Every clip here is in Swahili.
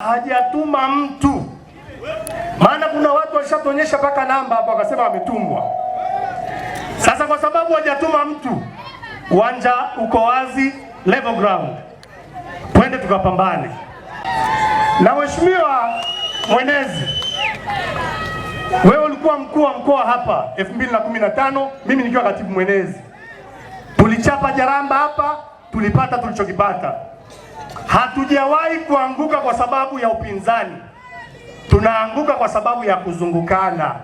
hajatuma mtu, maana kuna watu walishatuonyesha mpaka namba hapo, wakasema wametumwa. Sasa kwa sababu hajatuma mtu, uwanja uko wazi, level ground, twende tukapambane. Na mheshimiwa mwenezi, wewe ulikuwa mkuu wa mkoa hapa 2015 mimi nikiwa katibu mwenezi, tulichapa jaramba hapa, tulipata tulichokipata Hatujawahi kuanguka kwa sababu ya upinzani, tunaanguka kwa sababu ya kuzungukana.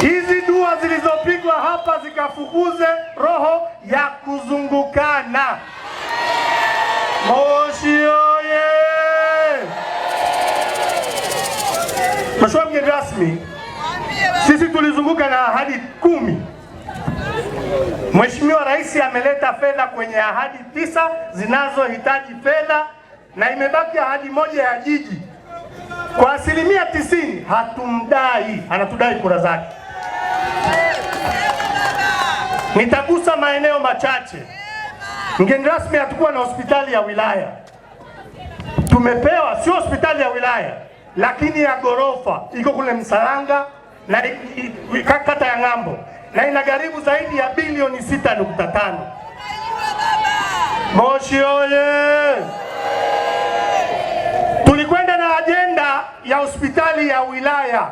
Hizi dua zilizopigwa hapa zikafukuze roho ya kuzungukana. Moshi oye! Mheshimiwa mgeni rasmi, sisi tulizunguka na ahadi kumi. Mheshimiwa Rais ameleta fedha kwenye ahadi tisa zinazohitaji fedha na imebaki ahadi moja ya jiji. Kwa asilimia tisini hatumdai, anatudai kura zake. Nitagusa maeneo machache. Mgeni rasmi, hatukuwa na hospitali ya wilaya, tumepewa sio hospitali ya wilaya, lakini ya ghorofa iko kule msaranga na kata ya Ng'ambo na inagharimu zaidi ya bilioni 6.5. Moshi oye! Tulikwenda na ajenda ya hospitali ya wilaya,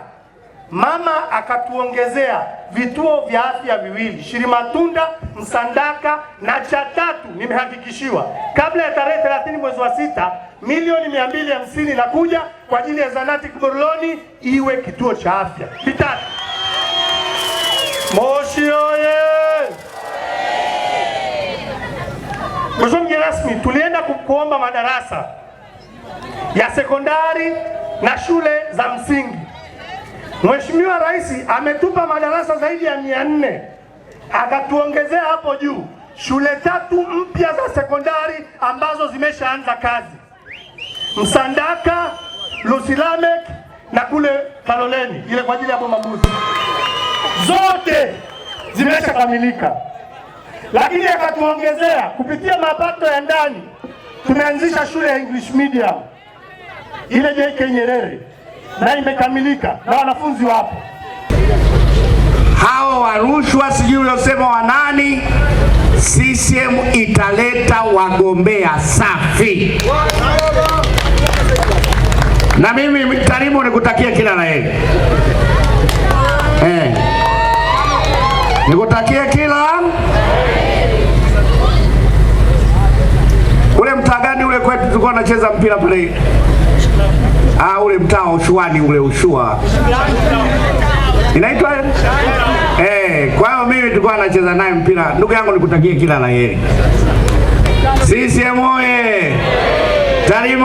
mama akatuongezea vituo vya afya viwili Shirimatunda, Msandaka na cha tatu. Nimehakikishiwa kabla ya tarehe 30 mwezi wa sita milioni mia mbili hamsini na kuja kwa ajili ya zanati Kiboroloni iwe kituo cha afya vitatu. juzi yaani, tulienda kuomba madarasa ya sekondari na shule za msingi. Mheshimiwa Rais ametupa madarasa zaidi ya mia nne akatuongezea hapo juu shule tatu mpya za sekondari ambazo zimeshaanza kazi Msandaka, Lusilamek na kule Kaloleni ile kwa ajili ya Bomaguzi, zote zimeshakamilika lakini akatuongezea kupitia mapato ya ndani tumeanzisha shule ya English medium ile JK Nyerere na imekamilika na wanafunzi wapo. Hao warushwa sijui uliosema wanani, CCM italeta wagombea safi na mimi karibu nikutakia kila la heri eh, nikutakia kila kule kwetu tulikuwa tunacheza mpira pale ah, ule mtaa ushuani ule ushua inaitwa eh. Kwa hiyo mimi tulikuwa nacheza naye mpira. Ndugu yangu, nikutakie kila la heri. CCM oye! Tarimo